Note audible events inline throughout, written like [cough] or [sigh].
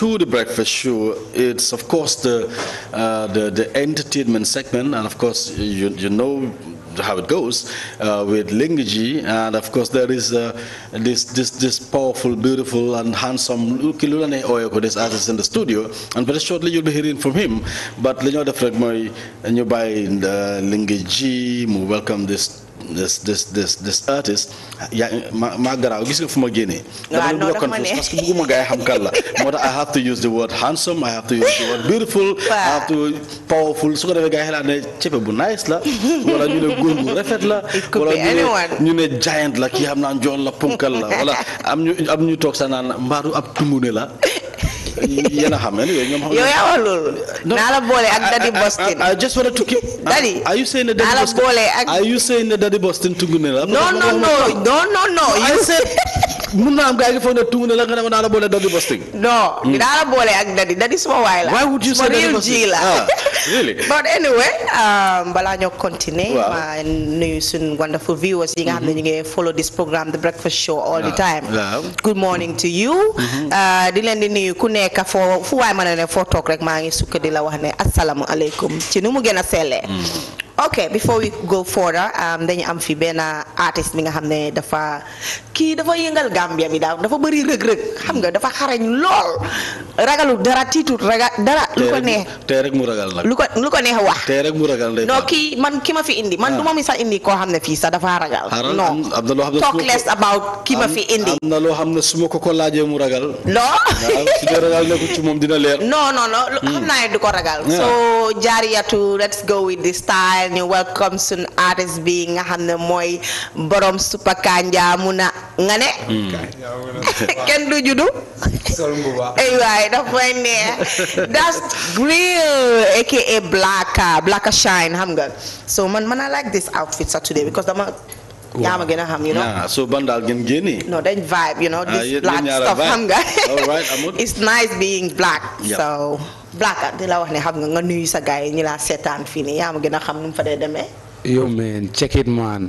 to the breakfast show, it's of course the, uh, the, the entertainment segment, and of course you, you know how it goes uh, with Lingaji, and of course there is uh, this this this powerful, beautiful, and handsome Kilulane Oyoko, this artist in the studio, and shortly you'll be hearing from him. But let me def rek mooy ñu bàyyi uh, Lingaji mu welcome this des des des des artistes ma maa gis nga fu ma génnee. waaw non dafa ma ne parce que bëgguma gars yi xam kan la [laughs] moo tax I have to use the word handsome I have to use the word beautiful. have to powerful su ko defee gars yi xalaat ne cepe bu nice la. wala ñu ne góor bu rafet la. wala ñu ne giant la kii xam naa njool la punkal la wala [laughs] am ñu am ñu toog sax naan mbaaru ab tumune la. [laughs] yéen a xam ne yooyu ñoom. yow yaa wax loolu. naa la boole ak Daddy ah, ah, ah, Boston. I just want to keep. Daddy are you saying that Daddy Boston. naa la boole ak are you saying that Daddy Boston tugg na la. non non non non non you say. [laughs] mun naa am gars yi foog na tungu ne la nga ne ma naa hmm. la boole ak Daddy Daddy suma waay la. why would la. Ah, [laughs] euh, balaa ñoo continuer. waaw ma nuyu suñu nga xam ne ñu mm-hmm. ngi follow this program the breakfast show all the ah, time. good morning to you. Mm-hmm. Euh, di leen di nuyu ku nekk foo fu waay ma ne ne foo toog rek maa ngi sukk di la wax ne asalaamualeykum ci nu mu gën a sellee. Mm. ok before we go further um, dañu am fi benn artiste bi nga xam ne dafa kii dafa yëngal Gambia bi daal dafa bëri rëg-rëg xam nga dafa xarañ lool ragalu dara tiitut ragal dara. lu ko neex tey rek mu ragal nag. lu ko lu ko neex wax. tey rek mu ragal ndey non man ki ma fi indi man ah. ma mi sax indi koo xam ne fii sax dafa ragal. non talk less about ki ma fi indi. am na loo xam ne su ma ko ko laajee mu ragal. non su dee ragal nekkul ci moom dina leer. non non non hmm. xam naa ne du ko ragal. Hmm. so jaariyatu let's go with the style. ñu welcome suñ artist bi nga xam ne mooy boroom Super Kanja mun a nga ne. Hmm. [laughs] kenn du juddu. sol mbuba [laughs] ay waay daf may neex that's real aka Blacka ah, Shine xam nga so man man I like this outfit Saturday because dama. yaa gën a xam you know. so ban génne. no dañ vibe you know. this ah, black stuff xam nga. [laughs] it's nice being black so. Blackout di la wax ne xam nga nga nuyu sa gars yi ñu laa seetaan fii nii yaa ma gën a xam nu mu fa dee demee. yow man check it man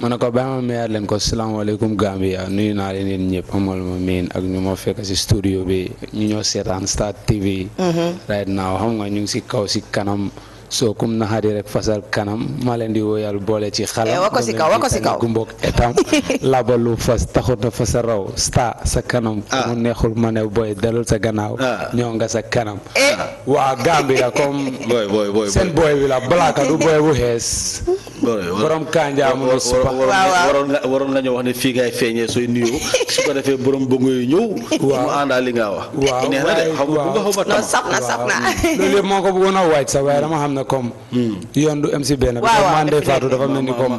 ma ne ko bàyyi ma mayaat leen ko salaamaaleykum Gambia nuyu naa leen yéen ñëpp amal ma miin ak ñu ma fekk si studio bi ñu ñoo seetaan Star TV. Mm-hmm. right now xam nga ñu ngi si kaw si kanam. soo kum naxari rek fasal kanam maa di woyal boole ci xalam eh, wako si kaw wako si kaw la étam [laughs] labalu fas taxut na fa sa raw sta sa kanam ah. mu neexul ma ne booy dalul sa gannaaw ah. ñoo nga sa kanam eh. waa Gambia comme [laughs] seen booy bi la balaaka bu xees [laughs] borom Kanja mu ne supa waroon nga waroon nga ñu wax ne fii ngay feeñee sooy nuyoo [laughs] su ko defee borom bëgg yi ñëw. waaw mu àndaal li nga wax. waaw neex na de xaw ma bu nga xaw ma tam. saf na saf na. [laughs] loolu yëpp moo ko bëggoon a waaj sax waaye dama xam ne comme. Hmm. yoon du MC benn. waaw waaw man de Fatou dafa mel ni comme.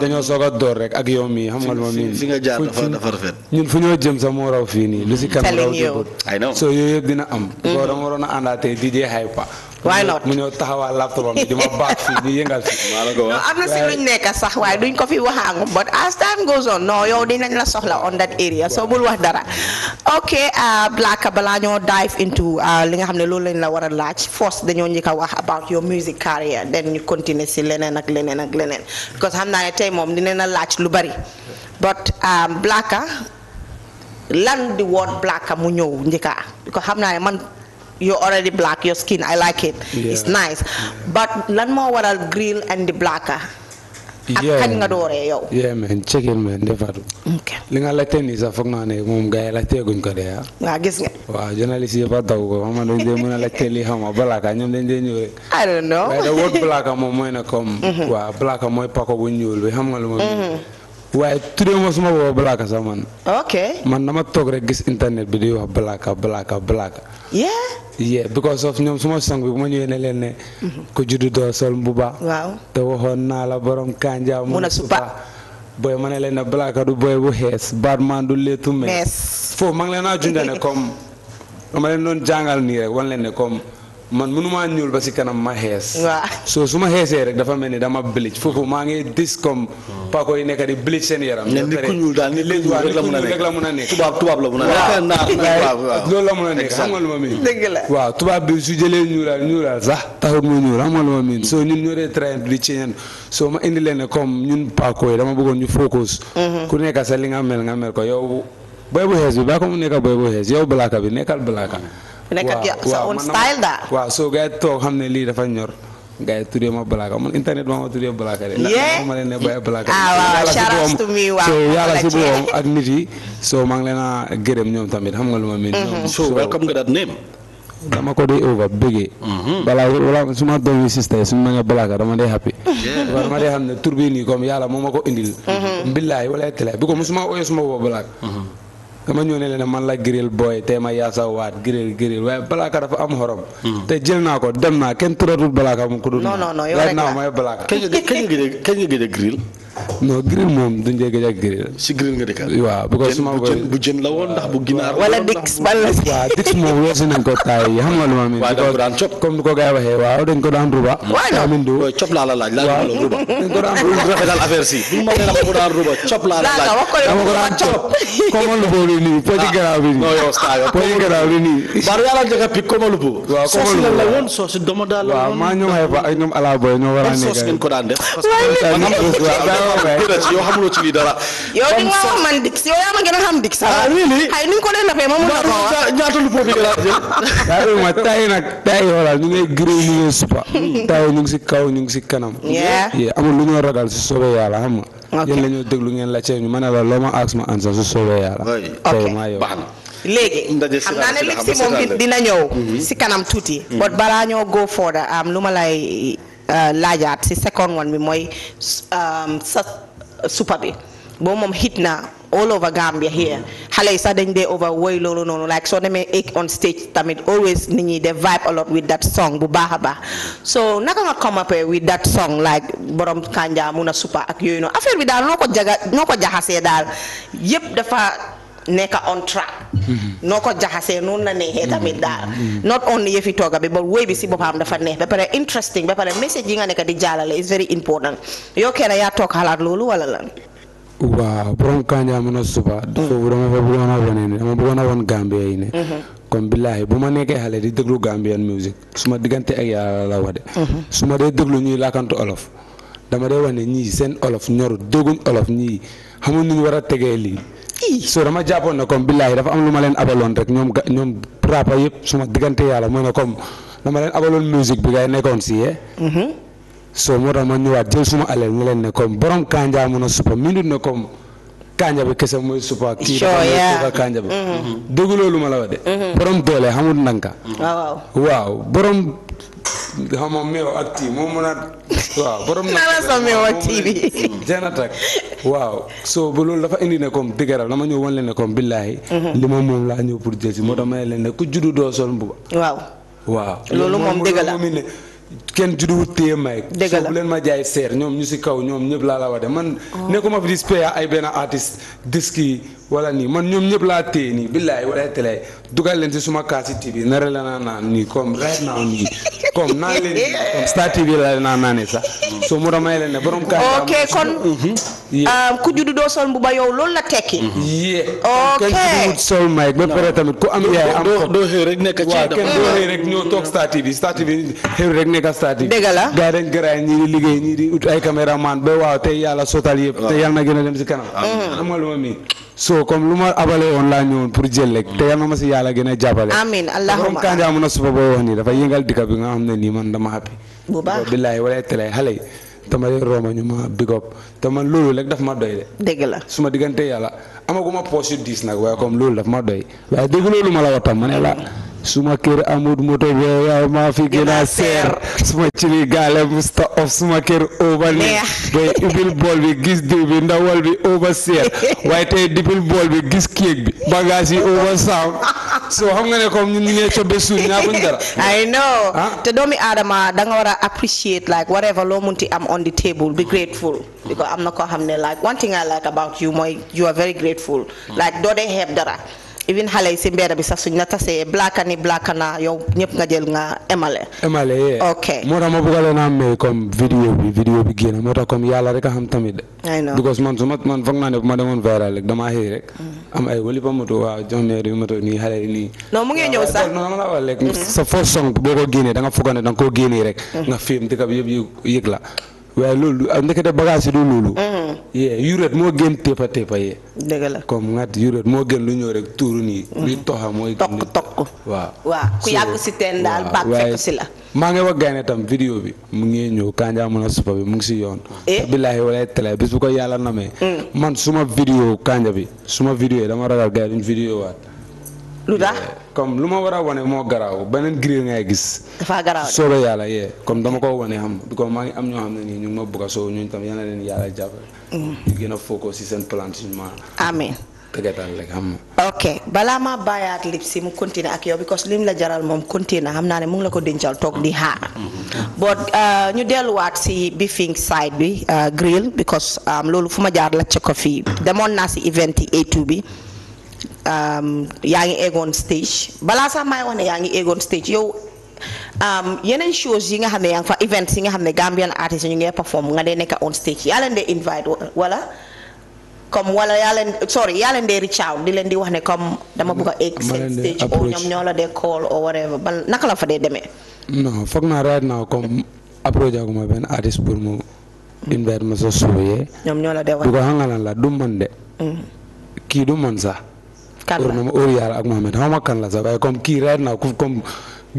dañoo soog a door rek ak yow mii xam nga lu ma mii. fi nga jaar dafa dafa rafet. ñun fu ñoo jëm sax moo raw fii nii. lu si kanam raw jëmbët. ay na soo yooyu yëpp dina am. Mm-hmm. koo dama waroon a àndaatee DJ Hyper waaye not mu ñëw taxawaa laptop bi ma baax fii di yëngal am na sax waaye duñ ko fi waxaangum but as time goes on noo yow dinañ la soxla on that area soo bul wax dara. ok ah, Blacka balaa ñoo dive into ah, li nga xam ne loolu lañ la war a laaj force dañoo njëkk a wax about your music career then ñu continuer si leneen ak leneen ak leneen because xam naa ne tey moom dinañ la laaj lu bari but ah, Blacka lan di woon Blacka mu ñëw njëkka ko xam naa ne man. you already black your skin I like it yeah. it's nice yeah. but lan moo waral grill and the blacker ak kañ nga dooree yow yeah man check it man defatu li nga laajte nii sax foog naa ne ko dee ah. waaw gis nga waaw journaliste yëpp a daw ko a ah. da word blacker moom mooy ne comme [laughs] mhm. waaw blacker mooy pako bu ñuul bi xam nga lu ma mhm. waaye tuddee ma suma booba Blacka sax man. ok man dama toog rek gis internet bi di wax Blacka Blacka Blacka. yeah. yeah because of ñoom suma song bi ma ñëwee ne leen ne. ku juddu doo sol mbuba. te waxoon naa la borom kanja mun a supa booy ma ne leen ne du booy bu xees Batman du leetu mees. foofu ma ngi leen a junjee ne comme. dama leen doon jàngal nii rek wan leen ne comme. man mënumaa ñuul ba si kanam ma xees. soo su ma xeesee rek dafa mel ni dama bleach foofu maa ngi dis comme paako yi nekk di bleach seen yaram. ne nit ku ñuul la mun a nekk tubaab la mun loolu a nekk xam nga lu la waaw tubaab bi su jëlee ñuulal ñuulal sax taxul mu ñuul xam nga lu ma miin soo ñun ñoo dee train di ci soo ma indi leen ne comme ñun paako yi dama bëggoon ñu focus. Mm-hmm. ku nekk sa li nga mel nga mel ko yow boy bu xees bi baa ko mu nekk boy bu xees yow blaaka bi nekkal bu blaaka nekkat sa own style daal waaw soo gars yi toog xam ne lii dafa ñor gars yi tuddee ma Balaka man internet maa ma tuddee Balaka de. yee ma leen ne bàyyi Balaka. ah waaw shout out to me waaw yàlla si boppam ak nit yi. soo maa ngi leen a gërëm ñoom tamit xam nga lu ma mel. Mm-hmm. so welcome nga dat name. dama ko dee over bëggee. Mm-hmm. balaa wala su ma doom yi sister su ma ne dama dee happy. waaw dama dee xam ne tur bi nii comme yàlla moo ma ko indil. Mm-hmm. billaahi wala télé bi ko mosuma ooyee suma boobu Balaka. dama ñëw ne leen man la grill booy tey ma yaasa waat grill grill waaye balaka dafa am xorom. Hmm. te jël naa ko dem naa kenn tëratul balaka mu ko dul. non non non yow rek la naa may balaka. kañ nga a a grill. non grill moom duñ jéeg ak grill. si grill nga dikkaat. waaw bu ko bu jën la woon ndax bu ginaar. wala dix wala si. waaw dix moom weesu nañ ko taay yi xam nga lu ma amee. waaw dañ cop ni ko gars yi laa la laaj laaj ma la si. bu ma la ko daan ruba cop laa la laaj. dama ko daan cop. comment lu boobu nii ah, poti garaaw bi nii. non yow bi nii. bari yàlla njëkk a picc comment lu lu boobu la woon soosi domoda la woon. maa ñoom ay fa ak ñoom ala boy ñoo war a nekk. ban soos ngeen ko daan def. [laughs] yow xamuloo ci lii dara. yow di nga wax man Dix yow yaa ma gën a xam Dix. ah ni nga ko doon defee ma mun na ko wax. ñaata lu foofu nga jël. [laughs] yaa nag tay ñu ngi gërëm supa. tay ñu si kaw ñu ngi si kanam. amul lu ñu ragal si soobee yàlla xam nga. ok yéen la ñoo déglu ngeen la cee ñu ma ne la loo ma aas ma ansa su soobee yàlla. ok baax na. léegi xam naa léegi si moom dina ñëw mhm. si kanam tuuti. Mhm. but ñoo go further am lu ma lay Euh, laajaat si second one bi mooy um, sa supa bi boobu moom hit na all over Gambia here xale yi sax dañ dee over woy loolu noonu like soo demee egg on stage tamit always nit ñi de vibe a lot with that song bu baax a baax so naka nga come up with that song like borom kanja mun a supa ak yooyu noonu affaire bi daal noo ko jaga noo ko jaxasee daal yëpp dafa. nekk on track mm-hmm. noo ko jaxasee noonu na neexee mm-hmm. tamit daal mm-hmm. not only yëfi tooga bi ba wéy bi si boppam dafa neex ba pare interesting ba pare message yi nga nekk di jàllale is very important yow kenn yaa toog xalaat loolu wala lan waaw borom Kanja mën a suba. foofu dama fa a wane ne dama bëggoon a wan Gambia yi ne. comme billahi bu ma nekkee xale di déglu Gambian music su ma diggante ak yàlla la wade. su ma dee déglu ñuy laakantu olof dama dee wane ñii seen olof ñorut dégguñ olof ñii xamuñ nu ñu a tegee lii. so dama jàppoon ne comme billaahi dafa am lu ma leen abaloon rek ñoom ga ñoom rapa yëpp suma diggante yàlla mooy ne comme dama leen abaloon musique bi ngay nekkoon si yee eh? mm-hmm. so moo tax ma ñëwaat jël suma aleel ñu leen ne comme borom kanja mun a suppa mindut ne comme kanja bi kese mooy suppa kii dafa kanja bi mm-hmm. dégg loolu ma la wax de mm-hmm. borom doole xamul nanka waaw borom xama meew ak tii moo mën a waaw borom na [laughs] la sa meew ak tii [laughs] janatak waaw so bu loolu dafa indi ne comme dëgëral dama ñëw wan leen ne comme billaahi mhm. li ma moom laa ñëw pour jël si moo tax ma ne leen ne ku juddu doo sol mbuba waaw waaw loolu moom dëgg la kenn juddu wut téye may so bu leen ma jaay seer ñoom ñu si kaw ñoom ñëpp laa la wax de man oh. nekkuma fi di ay benn artiste disque wala nii man ñoom ñëpp laa téye nii billaay wala télé dugal leen si suma kaasi TV nara la naa naan nii comme right now nii comme naan leen nii naa naanee sax soo mu damay leen ne borom kaasi ok kon mm-hmm. ah, ku juddu doo sol mbuba yow loolu la tekki mm-hmm. yee ok kenn ba pare tamit ku am doo xëy rek nekk ci dafa doo xëy rek ñoo toog Star TV Star TV xëy rek nekk Star TV dëgg la gars dañ garaay ñii di liggéey ñii di ut ay caméraman ba waaw tey yàlla sotal yëpp te yàlla na gën a dem si kanam mm-hmm. am nga lu ma miin so comme lu ma abalee woon laa ñëwoon pour jël rek te yal na ma si yàlla gën a jàppale a suba ma big up te loolu daf ma doy de la su ma yàlla amaguma poche yu diis nag waaye comme loolu daf ma doy waaye dégg loolu ma la ne la suma kër amut moto be yow maa fi gën a seer suma ciri gaale musta of suma kër over neex doy ibil bool bi gis diw bi ndawal bi over seer [laughs] waaye tey dibil bool bi gis kéeg bi bagage yi over saam so xam nga ne ko ñun ñu ngi cobbe suuf ñaa buñ dara I know ah. te doomi aadama da nga war a appreciate like whatever loo munti am on the table be grateful because am na koo xam ne like one thing I like about you mooy you are very grateful like doo even xale yi si mbedd bi sax suñ na tasee blaaka ni blaaka naa yow ñëpp nga jël nga emale. emale yee. ok moo tax ma bëgg leen a may comme vidéo bi vidéo moo tax comme yàlla rek xam tamit. ay na because man ma man foog naa ne bu ma demoon viral rek damaa xëy rek. Mm. am ay wëli ba moto waaw jox ne bi moto nii mu ngi ñëw sax non non non rek. sa first song boo ko génnee da nga ne da koo génnee rek. Mm. nga film dëkk bi yëpp yëg la. waaye loolu ak ndekete bagage yi du loolu. Mm-hmm. yee yuret moo gën tépa tépa yee. dëgg la comme ngat yuret moo gën lu ñëw rek tuuru nii. Mm-hmm. luy toxa mooy. tokk tokk waaw. waaw ku yàgg si teen daal bàq si la. maa ngi wax gaynde tam vidéo bi mu ngi ñëw Kanja mën a supa bi mu ngi si yoon. Eh? billaahi wala télé bis bu ko yàlla namee. Mm. man suma vidéo Kanja bi suma vidéo dama ragal gaay duñ vidéo waat. lu tax. comme lu ma war a wane moo garaaw beneen grille ngay gis. dafa garaaw solo yàlla yee comme dama ko wane xam bi ko maa ngi am xam ne nii ñu ngi ma bëgg a soow ñun tam yal na leen yàlla jàppale. Mm. ñu si ma bàyyaat lip si mu continuer ak yow la jaral moom continuer xam naa ne mu ngi la ko dencal toog di xaar mm-hmm. but uh, ñu delluwaat si beefing side bi uh, grill because um, loolu fu ma jaar la ci ko fii demoon naa si event yi a bi Um, yaa ngi eggoon stage balaa sax maay wax ne yaa ngi eggoon stage yow um, yeneen shows yi nga xam ne yaa ngi fa events yi nga xam ne Gambian artistes ñu ngi perform nga dee nekk on stage yaa leen yaa leen sorry yaa leen dee di leen di wax ne comme dama bëgg a egg stage o ñoom ñoo la dee call or whatever bal naka la fa dee demee non foog naa right now comme approche aguma benn artiste pour mu invite ma sa suuyee ñoom ñoo la dee wax du ko xangalan la du man de mm. kii du man sax kan la óor yàlla ak Mohamed xaw ma kan la sax waaye comme kii reer naa comme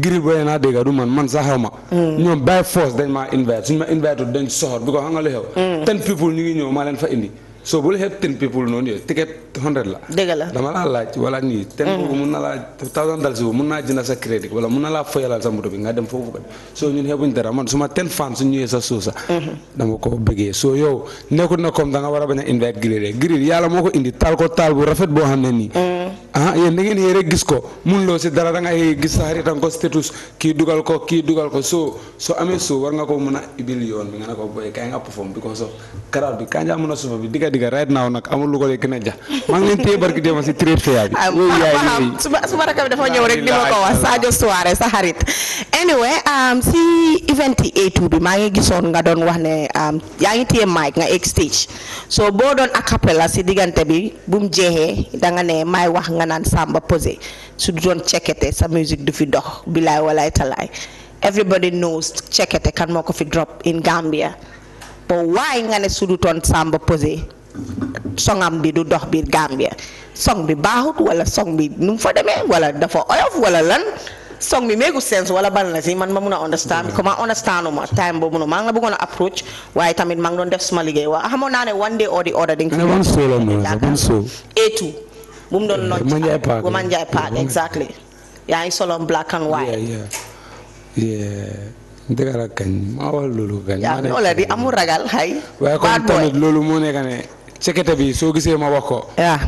giril booy naa dégg du man man sax xaw ma. Hmm. ñoom by force dañ maa invite suñ ma invite dañ soxor bi ko xam nga hmm. ten people ñu ngi ñëw leen fa indi. so bul xeeb ten people noonu yooyu ticket hundred la. dëgg la dama laa laaj wala nii. ten boobu mun na laa thousand dalasi boobu mun naa jënd sa crédit wala mun na laa foyalal sa moto bi nga dem foofu ko soo ñun xeebuñ dara man suma ten fan su ñëwee sa suusa. dama ko bëggee soo yow nekkul na comme da nga war a bañ a invite grill rek grill yàlla moo ko indi taal ko taal bu rafet boo xam ne nii. Mm. ah yéen da ngeen yéen rek gis ko mun loo si dara da ngay gis a a diga right now nag amul lu ko gën a jax maa ngi leen téye barki démb si trip bi ah, dafa ñëw di ma ko wax Sadio Souare sa xarit anyway um, si event A2 bi maa ngi gisoon nga doon wax ne um, yaa ngi téye mic nga egg stage so boo doon a la si diggante bi bu mu jeexee danga ne may wax nga naan Samba Posé su doon cekkete sa musique du fi dox bilaay walaay talaay everybody knows cekkete kan moo ko fi drop in Gambia but why nga ne sudutoon Samba Posé songam bi du dox biir Gambia song bi baaxut wala song bi nu mu fa demee wala dafa oyof wala lan song bi méegu sens wala ban la si man ma mun a understand comment mm-hmm. understand uma time boobu noonu maa ngi la bëggoon a approach waaye ngi doon def suma liggéey waa xamoon naa ne one day or the other dañ ko etu kañ yaa loolu moo nekk ne sécurité bi soo gisee ma wax ko. waaw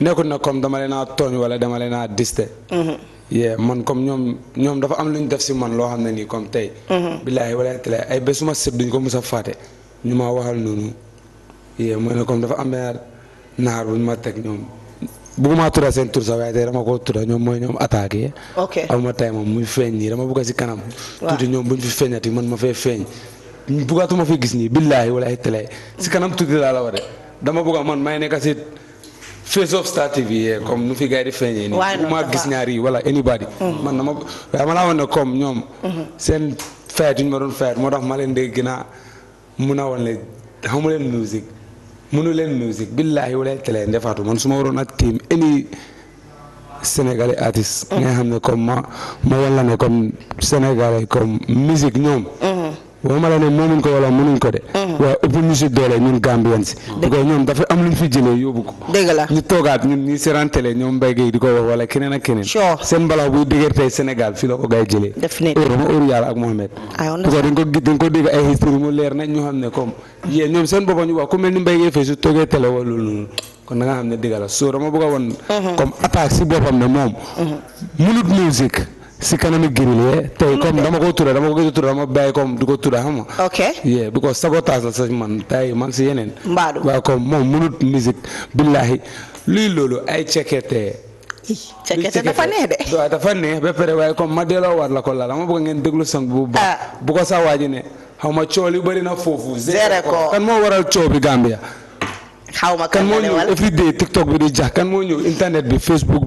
nekkul nag comme dama leen a tooñ wala dama leen a diste. Mhm. yee man comme ñoom ñoom dafa am lu def si man loo xam ne nii comme tey. Mhm. billaahi wala ay bés suma sëb duñ ko mus a ñu ma waxal noonu yee mooy dafa am benn bu ñu ma teg ñoom. bëgguma tura seen tur sax waaye tey dama nii si kanam. waaw tuuti ñoom man ma fee feeñ. fi gis nii billaahi wala télé si kanam tuuti laa la wax de dama bëgg a man may nekk si face of Star TV yee eh, comme nu fi gars yi di feeñee nii bu ma gis ñaari yi wala anybody mm-hmm. man dama waaye ma laa woon ne comme ñoom mm-hmm. seen fayat yu ñu ma doon fayat moo tax ma leen de gën a mun a woon leen musique munu leen musique billaahi wala télé ndefaatu man su ma waroon ak team any sénégalais artiste mm-hmm. nga xam ne comme ma ma wan la ne comme sénégalais comme musique ñoom waxuma la ne moomuñ ko wala mënuñ ko de. Mm-hmm. waaye ëpp ñu si doole ñun Gambien si. dëgg la ñoom dafa am lu fi jëlee yóbbu ko. ñu toogaat ñun ñi di ko wax wala keneen ak keneen. seen mbalaw buy dëgër tey Sénégal fii la ko gay jëlee. def nañ ko yàlla ak Mohamed. aywa ah, ko dañ ko dégg ay histoires mu leer nañ ñu xam ne comme yéen ñoom seen boppam ñu wax ku mel ni mbéy gi fii su toogee télé wala loolu kon da nga xam ne dëgg la soo dama a mm-hmm. comme attaque si boppam ne moom. Mm-hmm. munut musique si kanami grillé tey comme dama ko tudda dama ko gëj a tudda dama bàyyi comme du ko tudda xam nga. ok yeah because sabotage la sax man tay maa si yeneen. mbaadu waaw comme moom mënut musique billahi luy loolu ay cekete. cekete dafa neex de. waaw dafa neex ba pare waaye comme ma delloo war la ko la dama bëgg ngeen déglu sang bu ba ah. bu ko sax waaji ne xaw ma cool yu bëri na foofu. zere ko kan moo waral coow bi ya xaw ma kan moo ñëw everyday TikTok bi di jax kan moo ñëw internet bi Facebook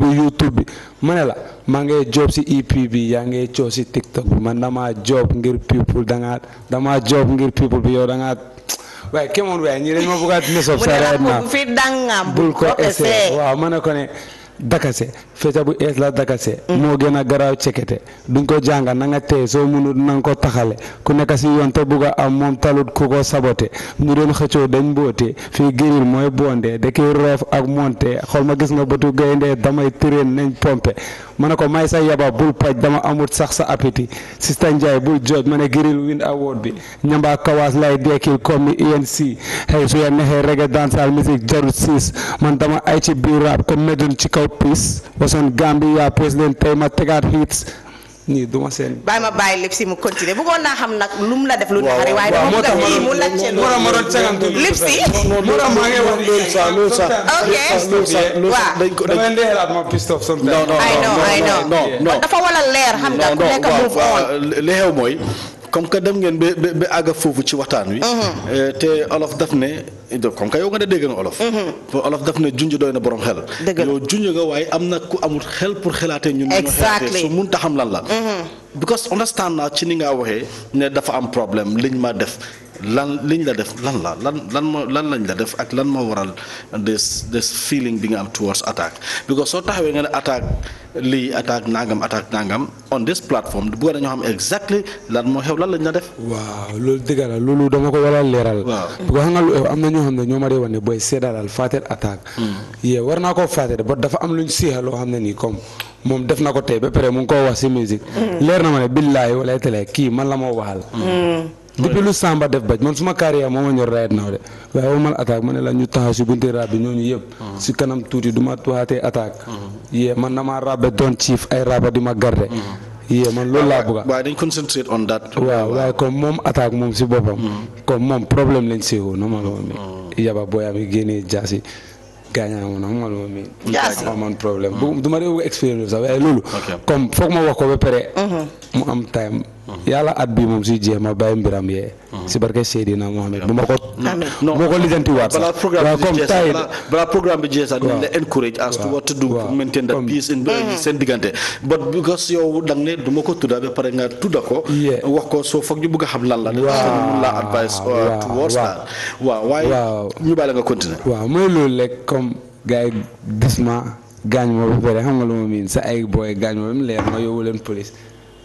ma la. maa ngi job si EP bi yaa ngi coow si TikTok bi man damaa job ngir people da ngaa damaa job ngir people bi yow da ngaa waaye kéemoon waaye ñii dañ ma bëgg a. bu ko fi bul ko essayé waaw ma ne ko ne. dakase fecabu ees la dakase moo gën a garaaw cekete duñ ko jànga na nga tey soo mënut na nga ko taxale ku nekk si yoon te bugg a am moom talut ku ko sabote ñu doon xëccoo dañ mboote fii giril mooy bonde da kiy roof ak monte xool ma gis nga bëtu gaynde damay tiréen nañ pompe ma ne ko may sa yaba bul paj dama amut sax sa appétit sista Njaay bul jooj ma ne giril win award bi ñamba kawaas lay dekkil comme e ni UNC xëy su ya nexee reggae dansal musique jarut peace was on Gambia President Tema Tegart hits nii duma seen. bàyyi ma bàyyi lépp mu continuer bëggoon naa xam nag lu mu la def. lu naxari waaye dama bëgg a kii mu lajjee loolu. moo tax ma dafa wala leer xam nga ku nekk move on li mooy. comme que dem ngeen ba ba ba àgg foofu ci waxtaan wi. Mhm. Euh, te olof daf ne comme que yow nga da dégg na olof. Mhm. olof daf ne junju doy na boroom xel. yow junj nga waaye am na ku amul xel pour xelaatee ñun. exactement su mun taxam lan la. Mhm. because understand naa ci ni nga waxee ne dafa am problème liñ ma def. lan liñ la def lan la lan lan moo lan lañ la def ak lan moo waral des des feeling bi nga am towards attaque because soo taxawee nga ne attaque lii attaque nangam attaque nangam on this platform bu ko dañoo xam exactly lan moo xew lan lañ la def. waaw loolu dëgg la loolu dama ko war a leeral. waaw bu ko xam nga lu am na ñoo xam ne ñoo ma dee wane booy seedaalal fàtte attaque. Hmm. yee war naa koo fàtte ba dafa am luñ seexal loo xam ne nii comme. moom def na ko tey ba pare mu koo wax si musique hmm. leer na ma ne billaahi kii man la moo waxal hmm. depuis lu Samba def baj man suma carrière moo a ñor right now de waaye woo attaque ma ne la ñu taxaw si bunti rab bi ñooñu yëpp. Ah. si kanam tuuti du ma waxatee attaque. Ah. yee man damaa rabbe doon ciif ay raba di ma ah. a. waaw dañ concentrate on that. waaye comme moom attaque moom si boppam. Mm. comme moom problème lañ séewoo la woon. yaba booyaam yi génnee jaasi. gaañaamoon na ma la woon. jaasi man problème bu ma dee expérience sax waaye loolu. comme foog ma wax ko ba pare. Mm-hmm. mu am time. yàlla at bi moom suy jeex ma bàyyi mbiram yee. si barke Seydina Mohamed bu ma ko. non ma ko lijantiwaat sax. balaa programme bi jeex sax dinañ la encourage as to what to do mm-hmm. seen diggante but because yow da nga ne du ko tudda ba pare nga tudda ko. wax ko soo foog ñu bëgg xam lan la. waaw la advice uh, towards that waaw waaye ñu bàyyi la nga continuer. waaw mooy loolu rek comme gars yi gis ma gaañ ma ba pare xam nga lu ma miin sa ay booy gaañ ma ba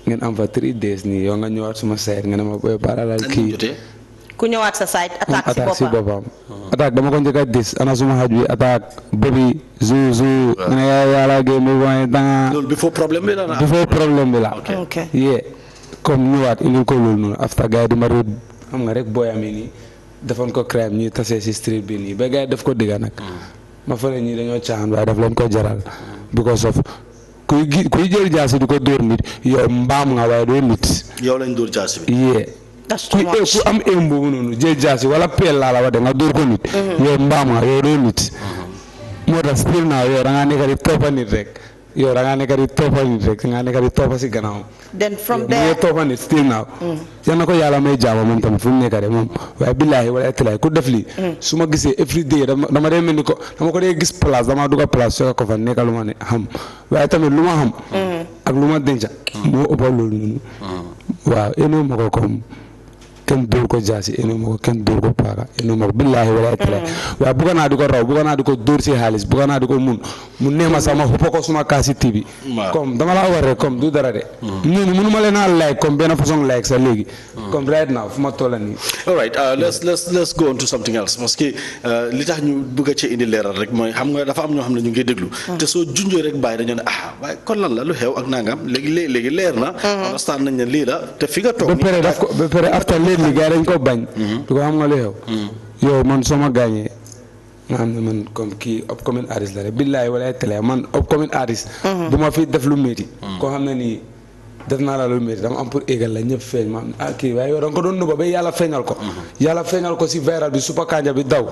ngeen am fa 3 days nii yow nga ñëwaat suma site nga ne ma booy baaralal kii. ku ñëwaat sa site attaque si boppam attaque dama ko njëkk a dis ana suma xaj bi attaque bëbi zu zu. waaw ne yàlla génn waaye danga. loolu before problème bi la problème bi la. yee comme ñëwaat indil ko loolu noonu after gars yi di ma rëbb xam nga rek booyam yi nii defoon ko crime ñuy tasee si street bi nii ba gars yi def ko digga nag. Mm. ma fële ñii dañoo caaxaan waaye daf leen ko jaral mm. because of kuy gi kuy jël jaasi di ko nit yow mbaam nga waaye doo nit. yow lañ dóor jaasi bi. am éem boobu noonu jël jaasi wala peel laa la wax de nga dóor ko nit. Mm-hmm. yow mbaam nga yow doo nit. Mm-hmm. moo tax firnaaw yow da ngaa di toppa nit rek. yow da ngaa di toppa nit rek da ngaa di toppa si gannaawam. then from there yow still now. Mm. yal na ko yàlla may jaama moom tamit fu mu nekk rek moom waaye billaahi wala etilaay ku def lii. Mm. su ma gisee every day dama dama dee mel ni ko dama ko dee gis place dama dugg place fekk ko fa nekk lu ma ne xam waaye tamit lu ma xam. Mm. ak lu ma denc. moo ëpp loolu noonu. waaw énu ma ko comme. kenn dóor ko jaasi inu ma ko kenn dóor ko paaka inu ma ko billaahi wala kala mm. waaye bëgg naa di ko raw bëgg naa di ko dóor si xaalis bëgg naa di ko mun mu neex ma sax ma xuppa ko suma kaasi tibi comme dama laa war rek comme du dara de ñun mm. mënu ma leen a like comme benn façon like sax léegi mm. comme right now fu ma toll nii all uh, let's go on to something else parce uh, li tax ñu bëgg a ci indi leeral rek mooy xam nga dafa am ah, la lu xew ak nangam léegi léegi leer na understand nañ ne lii la te li gars dañ ko bañ. Mhm. du ko xam nga lu yow. Mhm. yow man soo ma gaañee. nga xam ne man comme kii upcoming artist la rek billaay walaay télé man upcoming artist. bu mhm. ma fi def lu métti. koo xam ne nii def naa la lu métti dama am pour égal la ñëpp feeñ ma ah kii waaye yow da nga ko doon nuba ba yàlla feeñal ko. yàlla feeñal ko si viral bi supa kanja bi daw.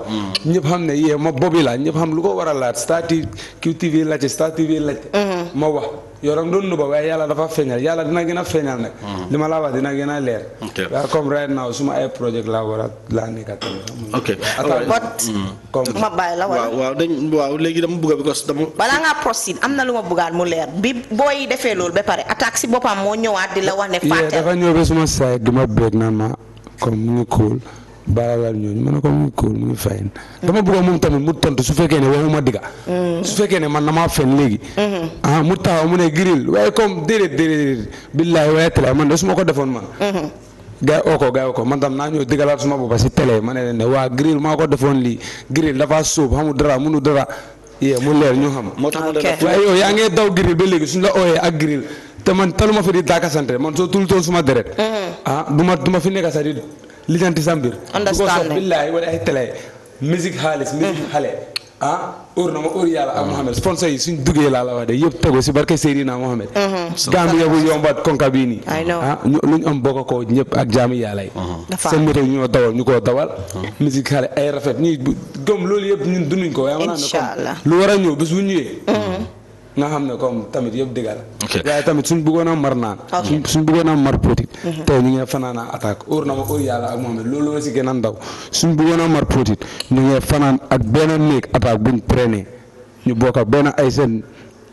ñëpp xam ne yee ma bobi la ñëpp xam lu ko war a laat Star TV QTV laajte Star TV laajte. ma wax. yow nag doon nuba waaye yàlla dafa feeñal yàlla dina gën a feeñal nag. Hmm. li ma laa wax dina gën a leer. waaye comme right now suma ay projet laa war a laa nekk ak ok hmm. comme ma bàyyi la wala. waaw dañ léegi dama bëgg because dama. balaa ngaa proceed am na lu ma bëggaat mu leer bi booy defee loolu ba pare attaque si boppam moo ñëwaat di la wax ne. fàtte dafa ñëw ba suma saay du ma break ma comme mu ngi cool. baalalal ñooñu ma ne ko mu ngi kóol mu ngi fayin dama bëggoon moom tamit mu tontu su fekkee ne waxuma digga mm. su fekkee ne mm-hmm. ah, waaye comme déedéet de su ma ko defoon man mm-hmm. gaay oo ko gaay oo la ooyee ak giril te man taluma fi di daaka sant man soo tul toon suma deret mm-hmm. ah, duma duma fi lijjanti sa mbir. understanding billaay wala ay télé. musique xaalis musique mm. xale. ah óor na ma óor yàlla ak mm. Mohamed sponsor yi suñ duggee laa la wax de yëpp tegu si barke Seydina Mohamed. Mm-hmm. Gambia bu yombaat konka bii nii. ah ñu am bokk ko ñëpp ak jaami yàlla yi. Uh-huh. dafa am seen ñoo dawal ñu ko dawal. Uh-huh. musique xale ay rafet ñuy gëm loolu yëpp ñun dunduñ ko. incha allah waaye maanaam lu war a ñëw bés bu ñëwee. Mm-hmm. nga xam ne comme tamit yëpp dëgg la. waaye tamit suñ bëggoon a mar naan. suñ suñ bëggoon mar poti. Mhm. tey ñu ngi fanaan attaque óor na ma óor yàlla ak Mohamed loolu la si gën a ndaw suñ bëggoon a mar poti ñu ngi fanaan ak benn néeg attaque buñ prene ñu bokk ak benn ay seen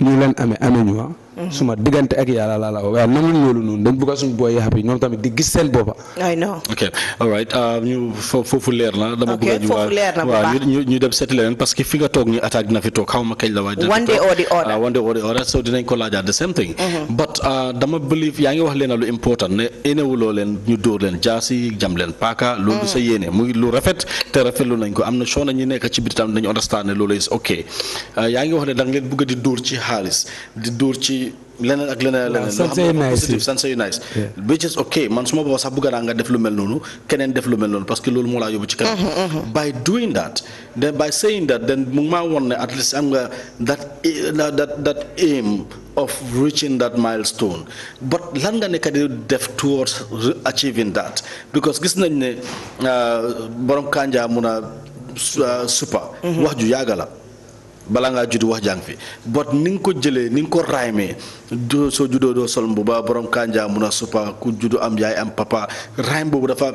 ñu leen ame amee ñu ah. suma diggante ak yàlla laa la waaye nanguñ loolu noonu dañ bëgg suñu booy yi ñoom tamit di gis seen boppa I know ok uh, na dama bëgg ñu waaw ñu ñu dem seeti leneen que fi nga toog ñu attaque dina fi toog xaw ma kañ la waaye one day or the other ah, one day or the other so dinañ ko laajaat the same thing mm-hmm. but uh, dama believe yaa ngi wax leen lu important ne leen ñu mm. ko am na soona ñu nekk ci biir tam dañu understand ne loolu is ok da uh, nga leen bëgg di dóor ci xaalis di dóor ci leneen ak leneen ak leneen. Sansey Nice Sansey Nice. bi ok man su ma boobaa sax bëgg naa nga def lu mel noonu keneen def lu mel noonu parce que loolu moo laa yóbbu ci kanam. Mm-hmm, mm-hmm. by doing that then by saying that then mu maa woon ne at least am nga that that that aim. of reaching that milestone but lan nga nekk di def towards achieving that because gis nañ ne uh, boroom kanja mun a uh, super. Mm-hmm. wax ju yàgg la. balaa ngaa judd wax jàng fi bot ni nga ko jëlee ni nga ko raymee doo soo juddoo doo sol mbuba borom kànja mun a suppa ku juddu am yaay am papa raym boobu dafa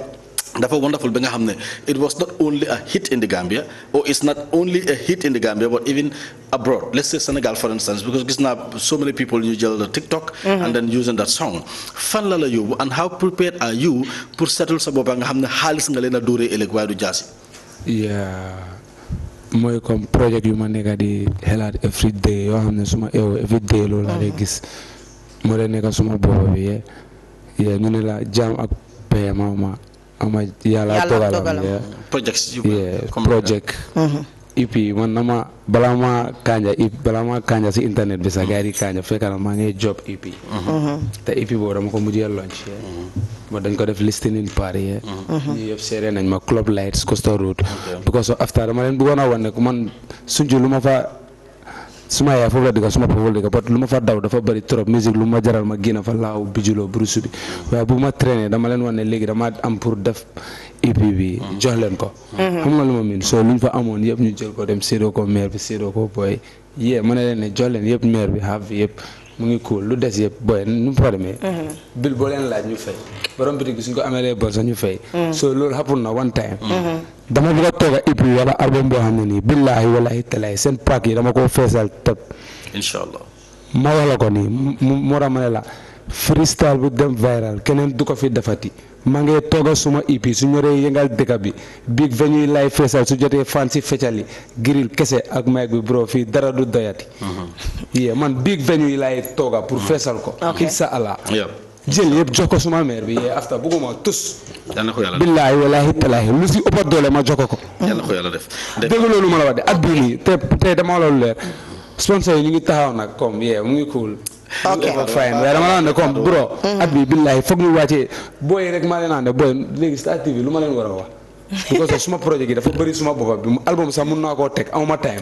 dafa wonderful bi nga xam ne it was not only a hit in the Gambia a hit in the Gambia but even abroad let's say Senegal for instance because gis naa so many people ñu jël TikTok. Mm-hmm. and then using that song. fan la la yóbbu and how prepared are you pour settle sa bopp nga xam ne xaalis nga leen a dóoree ëllëg waaye du jaasi. mooy comme projet yu ma nekk di xelaat every day yoo xam ne suma ma eewoo every day loolu laa dee mhm. gis moo dee nekk suma booba bi yee yee ñu ne la jaam ak payam ama ama yàlla dogalam yee project et man na ma balaa maa kanja i balaa maa kanja si internet bi sax gars kanja fekk na maa ngi job EP. Mm-hmm. te EP boobu dama ko mujjee launch. ma mm-hmm. dañ ko def listening party. Mm-hmm. ñu yëpp seere nañ ma Club Lights Costa Road. because of after dama leen bëggoon a wan ne man suñu lu ma fa. suma yaay foofu la dëkk suma foofu la dëkk parce ma fa daw dafa bëri trop musique lu ma jaral ma génn fa laaw bijuloo burusu bi waaye bu ma traîner dama leen wan ne léegi dama am pour def EP bi jox leen ko mhm. xam nga lu ma miin soo luñ fa amoon yëpp ñu jël ko dem séedoo ko maire bi séedoo ko booy yee ma ne leen ne jox leen yëpp maire bi xaaf yëpp mu ngi cool lu des yëpp booy nu mu fa demee. bil boo leen laaj ñu fay borom bitig bi suñ ko amee bon sax ñu fay. Mhm. so loolu happen na one time. Mhm. dama bëgg a toog a EP wala album boo xam ne nii billaahi walaahi talaahi seen paak dama koo feesal tëb. allah ma wax ko nii mu mu la. freestyle bi dem viral keneen du ko fi defati maa ngi toogal suma EP su ñoree yëngal dëkk bi big venue lay feesal su jotee fan si fecali giril kese ak mic bi bro fii dara du doyati. Mhm. yee man big venue lay tooga pour mhm. feesal ko. incha allah. jël yëpp jox ko suma mère bi yee afta bugguma tus. yàlla billaahi walaahi talaahi lu si ëpp doole ma jox ko. yàlla loolu ma la wax de at bii nii te te dama la leer sponsor yi ñu ngi taxaw nag comme yee mu ngi cool. ok fayeen waaye dama naan ne comme bro mm-hmm. at bi billahi foog ñu wàccee booy rek maa leen naan ne booy léegi Star TV lu ma leen war a wax parce que suma projet gi suma boppa bi album sax mun naa koo teg amuma time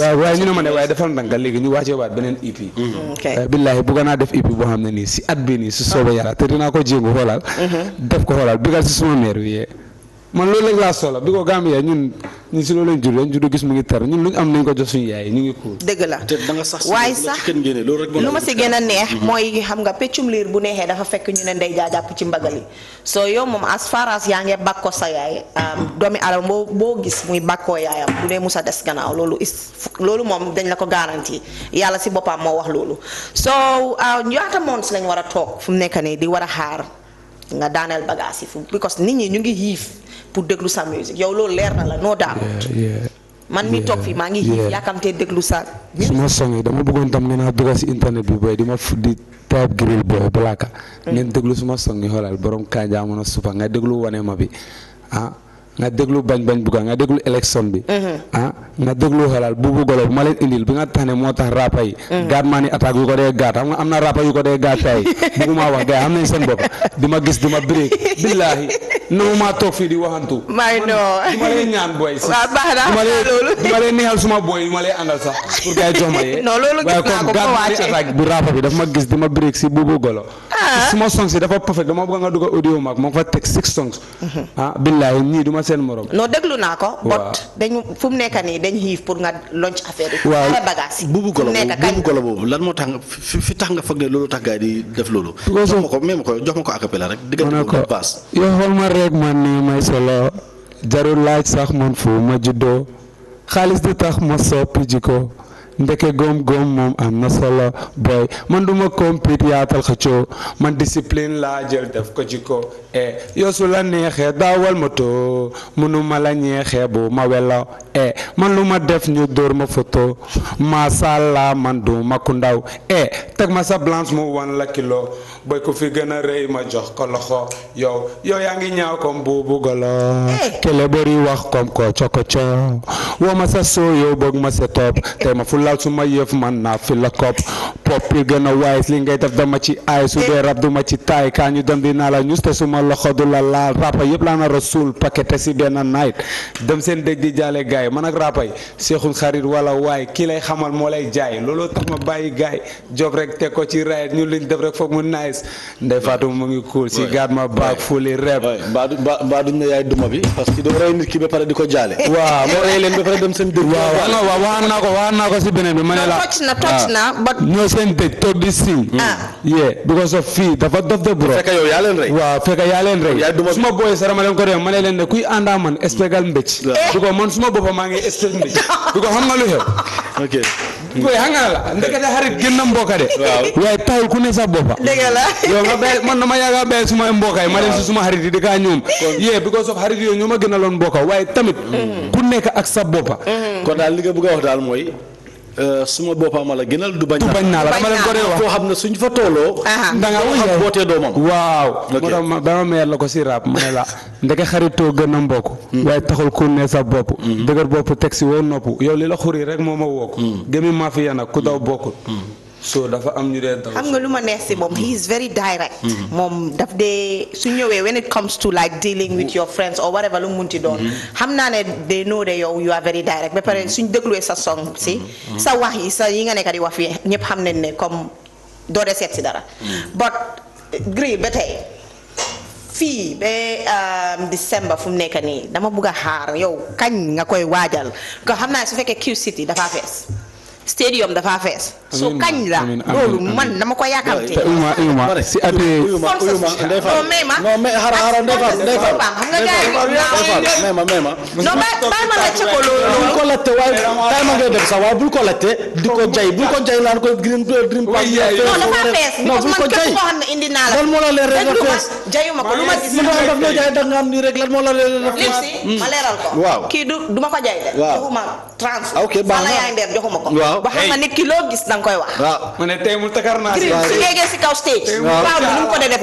waaye waaye ñu ne ma ne waaye defal ndànk léegi ñu wàccee waat beneen EP mm-hmm. eh, billaahi bugga naa def EP boo xam ne nii si at bi nii sooba ah. yàlla te dinaa ko jéngu xoolal mm-hmm. def ko xoolal bigal si suma meer wi yee man loolu rek laa soxla bi ko Gambia ñun ñun si loolu lañ judd dañ judd gis mu ngi tar ñun luñ am nañ ko jox suñu yaay ñu ngi cool. dëgg la waaye sax lu ma si gën a neex mooy xam nga peccum liir bu neexee dafa fekk ñu ne ndey jaa jàpp ci mbagal yi soo yow moom as far yaa ngi bàkkoo sa yaay um, doomi aadama boo boo gis muy bàkkoo yaayam du dee musa des gannaaw loolu is loolu moom dañ la ko garanti yàlla si boppam moo wax loolu soo uh, ñaata moons lañ war a toog fu mu nekk nii di war a xaar nga daaneel bagage yi fu because nit ñi ñu ngi xiif pour déglu sa musique yow loolu leer na la noo daamut man mi toog fii maa ngi xiif yaakamtee déglu sa su ma songee dama bëggoon tam nee naa dugga si internet bi booy di ma di type grill booy blaaka mm. ngeen déglu suma songi xoolal borom kanjaa mën a supa nga déglu wane ma bi ah nga déglu bañ bañ bugga nga déglu élection bi mhm. ah nga déglu xelal buubu golo bu ma leen indil bi nga tax ne moo tax rapa yi mhm. gaat maa ni attaque yu ko dee gaat xam nga am na rapa yu ko dee gaat tay [laughs] bugguma wax gars xam nañ seen bopp di ma gis di ma bireeg billaahi non maa toog fii di waxantu. maa ngi noo baax na loolu ma leen ma leen [laughs] bu rapa bi daf ma gis di ma bireeg si buubu golo. suma songs yi dafa perfect dama bëgg nga dugal audio maag moo ko fa teg six songs. Mm-hmm. ah billaay ñii du ma seen morom. non déglu naa ko. waaw bot dañu fu mu nekk nii dañu xiif pour nga lonc affaire yi. buubu golo boobu lan moo tax nga fi tax nga foog ne loolu tax gaa yi di def loolu. jox ma ko même ko jox ma ko acapella rek. diggante ko ma rek man nii may solo jarul laaj sax man fu ma juddoo xaalis di tax ma soppi ji ndeke góom góom moom am na solo boy man du ma compete yaatal xëccoo man discipline laa jël def ko ci ko e eh. yow su la neexee daawal moto mënu ma la ñeexee bu ma welo e man lu ma def ñu dóor ma photo masala man du ma ku ndaw e teg ma sa blanche mu wan la kilo boy ku fi gën a rëy ma jox ko loxo yow yow yaa ngi ñaaw kom buubu golo kele bëri wax kom ko cokoco woo ma sa soo yow bëgg ma sa topp tey ma fula laal su ma yëf man naa fi la kopp pop yi gën a waay li ngay def dama ci aay su dee rab duma ci taay kaa ñu dem dinaa la ñus te su loxo du la laal rapa yëpp laa nar a suul pakete si benn night dem seen dëgg di jaale gaay man ak rapa yi seexul xarit wala waay kii lay xamal moo lay jaay looloo tax ma bàyyi gaay job rek teg ko ci raay ñu liñ def rek foog mu nice ndey Fatou mu ngi cool si gaat ma baag fuli rep mbaa duñ ne yaay duma bi parce que doo ki ba di ko jaale waaw moo si beneen bi ma la toj na toj ah. na ba ñoo seen dëj toog di siiw ah. yee because of fii dafa dof de bro fekk yow yaa leen rey su ma booyee sarama ma leen ne kuy àndaa man espégal mbëcc eh. because man su ma boppa ngi espégal mbëcc because [laughs] xam nga gën na mbokka waaye taxul ku ne sa boppa dëgg la yow nga bàyyi man dama yaaga ma suma mbokka yi ma suma xarit yi di kaa ñoom yee because of xarit yooyu ñoo ma gënaloon mbokka waaye tamit mm-hmm. ku nekk ak sa boppa mm-hmm. kon daal li nga wax daal mooy Euh, suma boppam la gënal du bañ. naa la dama leen ko dee wax koo xam ne suñ fa tooloo. da ngaa xam bootee doomam. waaw. ok dama meer la ko si rap ma ne la. [laughs] ndeke xaritoo gën a mbokk. Hmm. waaye taxul ku ne sa bopp. Hmm. dëgër bopp teg si woo nopp yow li la xuri rek moo ma wokk. Hmm. gémmi maa fi yéen ku daw bokkul. so dafa am xam nga lu ma neex si moom he is very direct. Mm-hmm. moom daf dee su ñëwee when it comes to like dealing with your friends or whatever lu mu munti doon. Mm-hmm. xam naa ne they know de yow you are very direct ba pare mm-hmm. suñ dégluwee sa song si. sa wax yi sa yi nga nekk di wax fii ñëpp xam nañ ne comme doo dee seet si dara. but gris ba tey fii ba um, December fu mu nekk nii dama bugg a xaar yow kañ nga koy waajal nga xam naa su fekkee Q City dafa fees. stadium dafa fees. su kañ la loolu man dama ko yàkkamte. te uyuma uyuma si at. uyuma ma ma. non bàyyi ma laajte ko loolu. bul ko waaye tay ma di ko jay bul ko jay laan ko green green pass. non dafa fees. non bul ma gis. daf lay jaay da nga am nii rek lan moo la leer la fees. ma leeral ko. Hmm. waaw kii du du ma ko jay de. waaw joxuma trans. Ah, ok baax na joxuma ko. ba xam nga nit ki loo gis danga koy wax. waaw mu ne tey mu takar naa si. waaw su yeggee si kaw stage. waaw waaw bi nu mu ko dee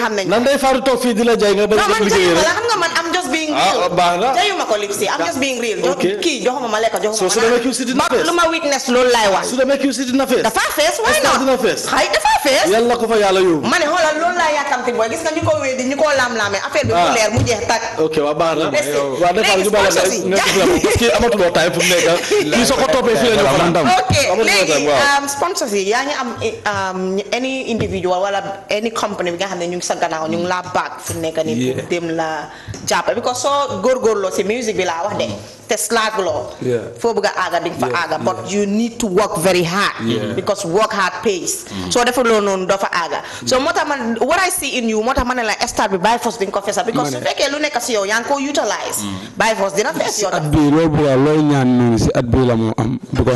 xam nañ. lan day faru toog fii di jaay nga. bëgg a liggéey rek man jënd nga man am Ah, ah baax na jayuma ko lipsi am just being ma lekk joxuma ma su demee QC dina fees lu ma witness loolu laay wax su demee QC dina fees dafa léegi sponsors [laughs] yi um, yaa ngi am um, any individual wala any company bi nga xam ne ñu ngi sa gannaaw ñu ngi laa baag fu nekk nii dem la jàppale because soo góorgóorloo si musique bi laa wax de mm. te slack loo foo bëgg a aaga di nga fa aaga but you need to work very hard because work hard pays mm. soo defa loo noonu doo fa aaga mm. so moo tax man I see ma ne la star bi by force di nga ko feesa because su fekkee lu nekk si yow yaa ngi ko utilize by force dina fees yow at bi loo bëgga looy ñaan noonu si at bi la moo am bi ko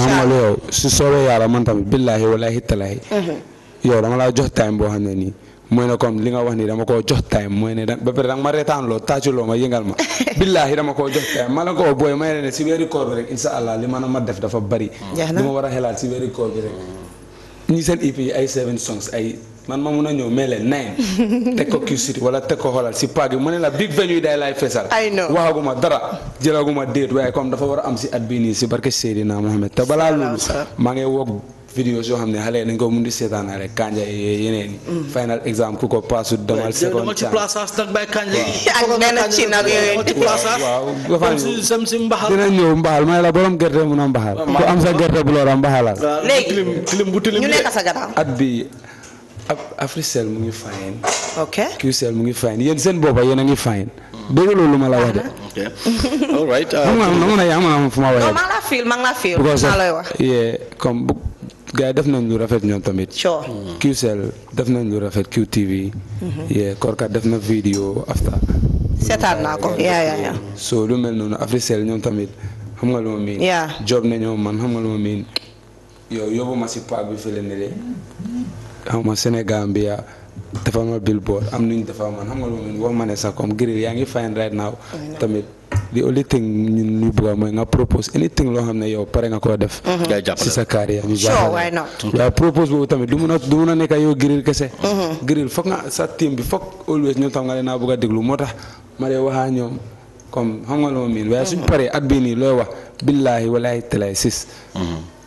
soobee yàlla man tamit billaahi walaahi talaahi mm-hmm. yow dama laa jox time boo xam ne mooy ne comme li nga wax nii dama koo jox time mooy ne ba pare danga ma reetaanloo taaculoo ma yëngal ma [laughs] billaahi dama koo jox time ma la koo booy may ne si ma na ma def mm. ma a xelaat si weeri koor rek ñi e seven songs ay man ma mun a ñëw mais nine [laughs] teg ko kiw siri teg ko xoolal si pag yi mu ne la big venue day laay feesal waxaguma dara jëlaguma déet waaye comme dafa war am si at bii nii si barke Seydina Mohamed te balaa loolu maa ngi woog vidéos yoo xam ne xale nañ ko mun di seetaan rek Kanja yee yeneen yi. Mm. final exemple ku ko paasu demal. second ci plaçage nag bay Kanja yi. ak benn ci nag yooyu. waaw dafa dina ñëw mbaxal may la borom gerte mun a mbaxal. ku am sa gerte bu loora mbaxalal. léegi ñu nekk sa gannaaw at bi Africell mu ngi fine. ok Qcell mu ngi fine yéen seen boppa yéen a ngi fine. dégg loolu lu ma la wax de. ok all right. [laughs] xam nga uh, am na fu ma waxee. non maa ngi la fiil maa la fiil. maa lay wax gars yi def nañ lu rafet ñoom tamit. sure QCell def nañ lu rafet QTV. Mm-hmm. yee Korka def na vidéo after. seetaan naa ko yaa yaa yaa. so lu mel noonu Africell ñoom tamit xam nga lu ma miin. yaa job nañoo man xam nga lu ma miin. yow yóbbu ma si paa bi fële ne de xam nga Sénégambia. defal ma billboard am nuñ defal man xam nga lu ma wax ma ne sax comme grill yaa ngi fine right now tamit the only thing ñun ñu bëgg mooy nga propose anything loo xam ne yow pare nga koo def mm-hmm. si sa carrière ñu jàppale why not waaw propose boobu tamit du mun a du mun a nekk yow grill kese mm-hmm. grill foog nga sa team bi foog always ñoom tam nga leen naa bëgg a déglu moo tax ma dee waxaa ñoom comme xam nga lu ma miin mm-hmm. waaye suñ paree at bii nii looy wax billaahi walaahi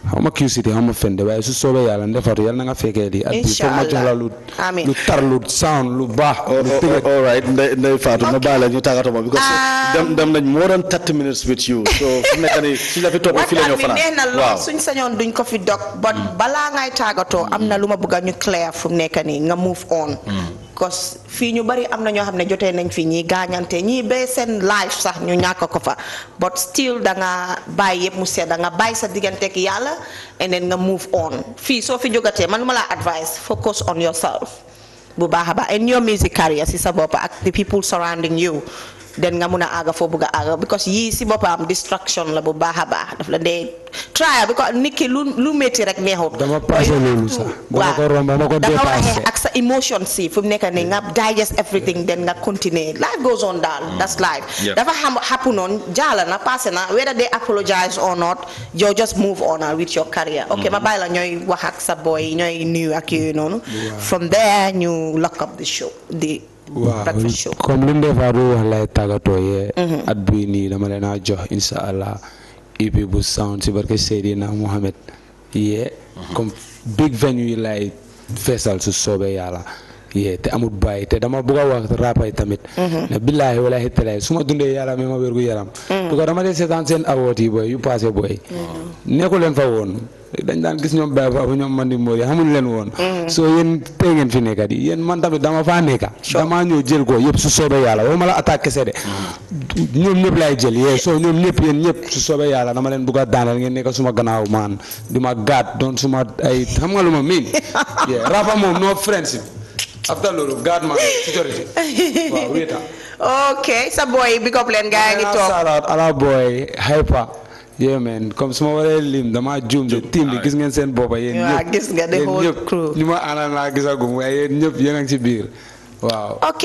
xaw ma curiosité xaw ma fende waaye su soobee yàlla ndefatu yàlla na nga fekkee lii. incha allah lu. amiin lu tar lu sound lu baax. Oh, lu oh, tëgg oh, all right Ndeye Ndeye Fatou ma baale ñu tàggatoo ma. because ah. dem dem nañ more than thirty minutes with you. so fi nekk nii si la fi toppee ko fi dog. but hmm. balaa ngay tàggatoo am na lu ma bëgg a ñu clair fu mu nekk nii nga move on. Hmm. because fii ñu bari am na ñoo xam ne jotee nañ fii ñii gaañante ñii ba seen life sax ñu ñàkk ko fa but still da nga bàyyi yëpp mu sedd da nga bàyyi sa diggante digganteeg yàlla and then nga move on fii soo fi jógatee man ma laa advice focus on yourself bu baax a baax and your music career si sa bopp ak the people surrounding you den nga mun a àgg foo bugg a àgg because yii si boppam distraction la bu baax a baax daf la dee try because nit ki lu lu rek neexut. dama passé loolu sax dama ko ak sa emotion si fu nekk nii nga digest everything den nga continuer life goes on daal mm. that's life. dafa xam happen noonu jaala na passé na whether they apologize or not you just move on uh, with your career. ok mm-hmm. ma bàyyi la ñooy wax ak sa boy ñooy nuyu ak yooyu noonu. from there ñu lock up the show waaw comme li mu defaatu wax lay tàggatoo yee mm-hmm. at bii nii dama leen jox insha allah ibi bu sound si barke Seydina Mohamed yee mm-hmm. comme big venue lay feesal su soobee yàlla yee te amul bàyyi te dama bëgg a wax rappay tamit mm-hmm. ne billaahi walaahi talaay su ma dundee yàlla may ma wérgu yaram mm. parce que dama dee seetaan seen awoot yi booy yu passé booy mm-hmm. nekku leen fa woon dañ daan gis ñoom Baye Faba ñoom Mandi Mori xamuñ leen woon mm-hmm. soo yéen tey ngeen fi nekkat yi yéen man tamit dama faa nekka dama ñëw jël ko yëpp su soobee yàlla waxuma la attaque kese de ñoom ñëpp laay jël yee soo ñoom ñëpp yéen ñëpp su soobee yàlla dama leen bëgg a ngeen nekk suma gannaaw maan di ma gaat doon suma ay xam nga lu ma miin [laughs] yee moom no after loolu guard man security [laughs] waaw ok sa boy bi kopp leen gaa ngi toog ala boy hyper yeah comme su ma waree lim damaa juum de team gis ngeen seen boppa yéen ñëpp gis nga ñu ma àndal naa gisagum waaye yéen ñëpp yéen a ngi ci biir waaw ok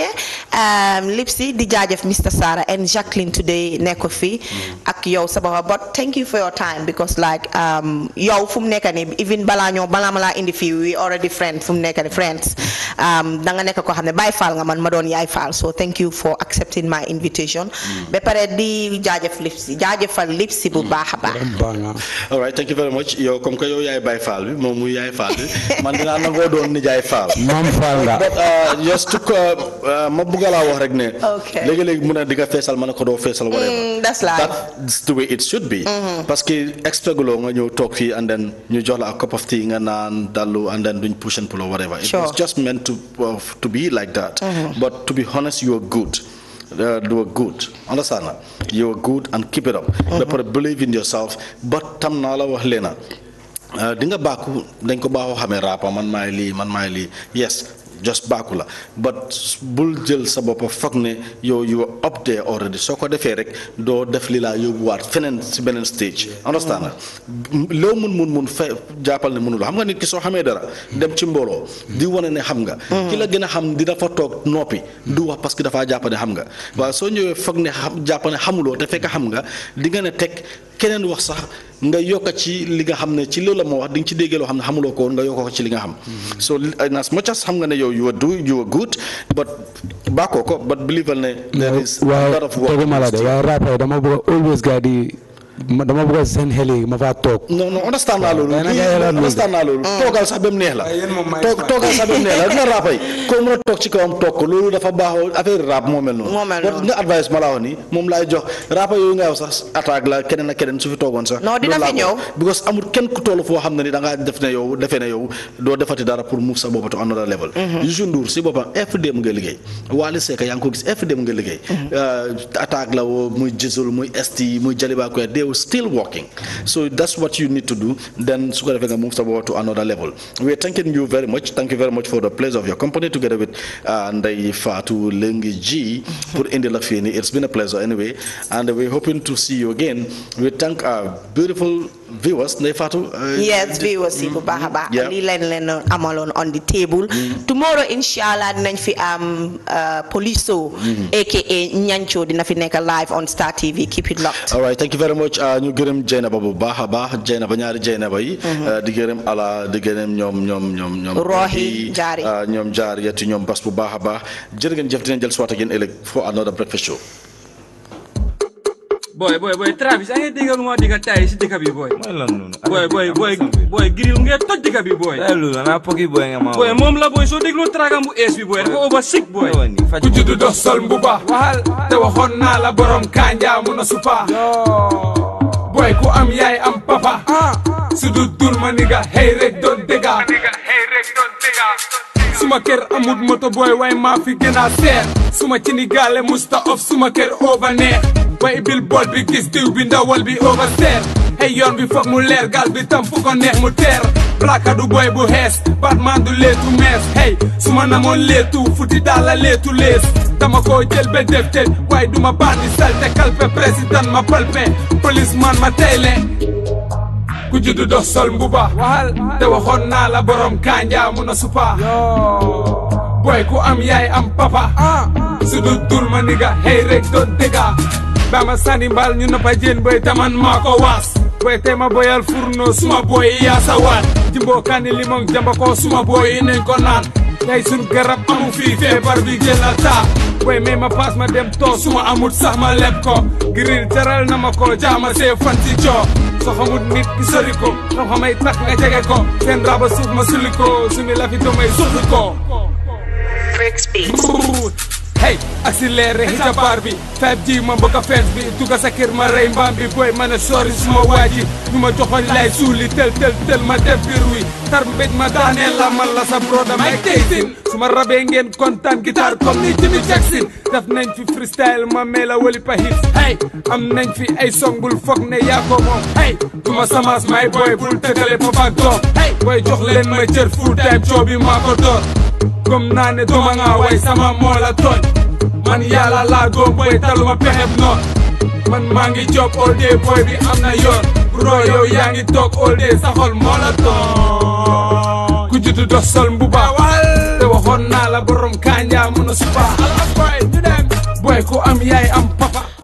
um, Lipsy di jaajëf Mr Sara and Jacqueline today nekk fii mm. ak yow sababa but thank you for your time because like um, yow fu mu nekk nii even balaa ñoo balaa ma laa indi fii we already friends fu mu nekk nii friends um, da nekk koo xam ne Baay Faal nga man ma doon yaay faal so thank you for accepting my invitation. Mm. ba pare di jaajëf Lipsy jaajëfal Lipsy bu mm. baax a baax. all right thank you very much yow comme que yow yaay Baay Faal bi moom muy yaay faal [laughs] Euh, ma bëgg laa wax rek ne. léegi-léegi mu ne di nga feesal ma a ko doo feesal. wala mm, that's life that's the way it should be. Mm-hmm. parce que expect loo nga ñëw toog fii and then ñu jox la a cup of tea nga naan dallu and then duñ push and pull or whatever. it was just meant uh, to be like that. Mm-hmm. but to be honest you are good. Uh, you You are good and keep it up. Mm-hmm. But tam nala wax lena. Uh, di nga dañ ko baaxoo xamee raapa man maay lii man maay lii just baaku la but bul jël sa boppa foog ne yow you are up there already soo ko defee rek doo def li laa yóbbuwaat feneen si beneen stage understand na loo mun mun mun fe jàppal ne mënuloo xam nga nit ki soo xamee dara dem ci mbooloo di wane ne xam nga mm. ki la gën a xam dina fa toog noppi du wax parce dafaa jàpp ne xam nga mm. waaw soo ñëwee foog ne xam jàpp ne xamuloo te fekk xam nga di ne teg keneen wax sax nga yokk ci li nga xam ne ci loolu la ma wax di nga ci dégg loo xam ne xamuloo ko woon nga yokk ko ci li nga xam. so in uh, as much as xam nga ne yow you are do you are good but bàkkoo ko but believe ne. there is a lot of la de waaye dama bëgg always gaa di. dama bëgg seen xel yi ma faa toog. non non understand naa loolu. understand naa toogal sax ba mu neex la. Ah, toog toogal sax ba mu neex la dina raapay. [laughs] koo mën a toog ci kawam toog ko loolu dafa baaxoo affaire raap moo mel noonu. moo mel noonu nga advice ma la wax nii moom laay jox raapa yooyu nga yow sax attaque la keneen a keneen su fi toogoon sax. non dina fi ñëw because amul kenn ku foo xam ne ni da def ne yow defee ne yow doo defati dara pour move sa bopp to another level. Mm-hmm. Youssou Ndour si boppam FDM were still working so that's what you need to do then su ko nga move to another level we are thanking you very much thank you very much for the place of your company together with uh, Ndeye Fatou Lengi G pour indi la fii nii it's been a pleasure anyway and we're hoping to see you again we thank our beautiful viewers Ndeye Fatou. Euh, yes viewers yi bu baax a baax. lii leen leen amaloon on the table. Mm-hmm. tomorrow incha allah dinañ fi am euh, Poliso. aka mm-hmm. Nyancho dina fi nekk live on Star TV keep it locked. all right thank you very much ah, ñu gërëm Jeynaba bu baax a baax Jeynaba ñaari Jeynaba yi. Mm-hmm. Ah, di gërëm ala di gërëm ñoom ñoom ñoom ñoom. Rohi Jaari ah, ñoom Jaari yetti ñoom Bas bu baax a baax jërë ngeen jëf dinañ jël si waat ak yéen ëllëg for another breakfast show. booy booy booy Travis a ngi déggal moo di nga taay si dëkk bi booy. mooy lan noonu. booy booy booy booy grill ngay toj dëkk bi booy. ay poki booy nga ma. soo dégloo tragam bu ees bi booy dafa over sick booy. ku juddu dox sol mbuba. te waxoon naa la borom kanja mu na supa. booy ku am yaay am papa. Ah. su dul dul ma ni nga xëy rek ma ni dégga. suma kër amut moto booy waaye maa fi gën a seer suma ci ni gaale musta of suma kër over neex waaye billboard bi gis diw bi ndawal bi over seer ay bi foog mu leer gal bi tam fu ko neex mu teer blaka du boy bu xees batman du leetu mees hey suma namoon leetu futi daala leetu lees dama ko jël be defte waaye duma bandi salte kalpe président ma palpe policeman ma teyle ku juddu dox sol mbuba te waxoon naa la borom kanja mun a supa booy ku am yaay am papa ah. su du dul ma niga xëy rek doon ba ma sànni mbal ñu noppa jéen boy taman maa ko waas way tema boyal furno suma boy yaa sawaat jimbo kaani limon jamba ko suma boy i nañ ko naan tey sun garab amu fii feebar bi taa way may ma paas ma dem too suma amut sax ma leb ko giril jaral na ma ko jaama see ci coo so xamut nit ki sori ko xam-xamay tax nga jege ko seen raba suuf ma suli ko sumi ko hey accéléré hita baar bi 5G ma mbokk a fence bi dugga sa kër ma rey mbaam bi booy ma ne sori suma waa ji ñu ma joxoñ lay suuli tel tel tel ma def biir wi tar mbéj ma daaneel la man la sa broda may teysin su ma rabee ngeen kontaan guitare comme ni Jimmy Jackson daf nañ fi freestyle ma mee la wali pa hits am nañ fi ay song bul foog ne yaa ko moom du ma samaas may booy bul tëggale papa ak doom hey booy jox leen ma cër full time coobi maa ko gëm naa ne duma nga way sama moo la tooñ man yàlla laa góom booy taluma pexeb noon man maa ngi job all booy bi am na yoon bro yaa ngi toog all day sa xol moo la tooñ ku mbuba te waxoon naa la borom kanja mën a subaa booy ku am yaay am papa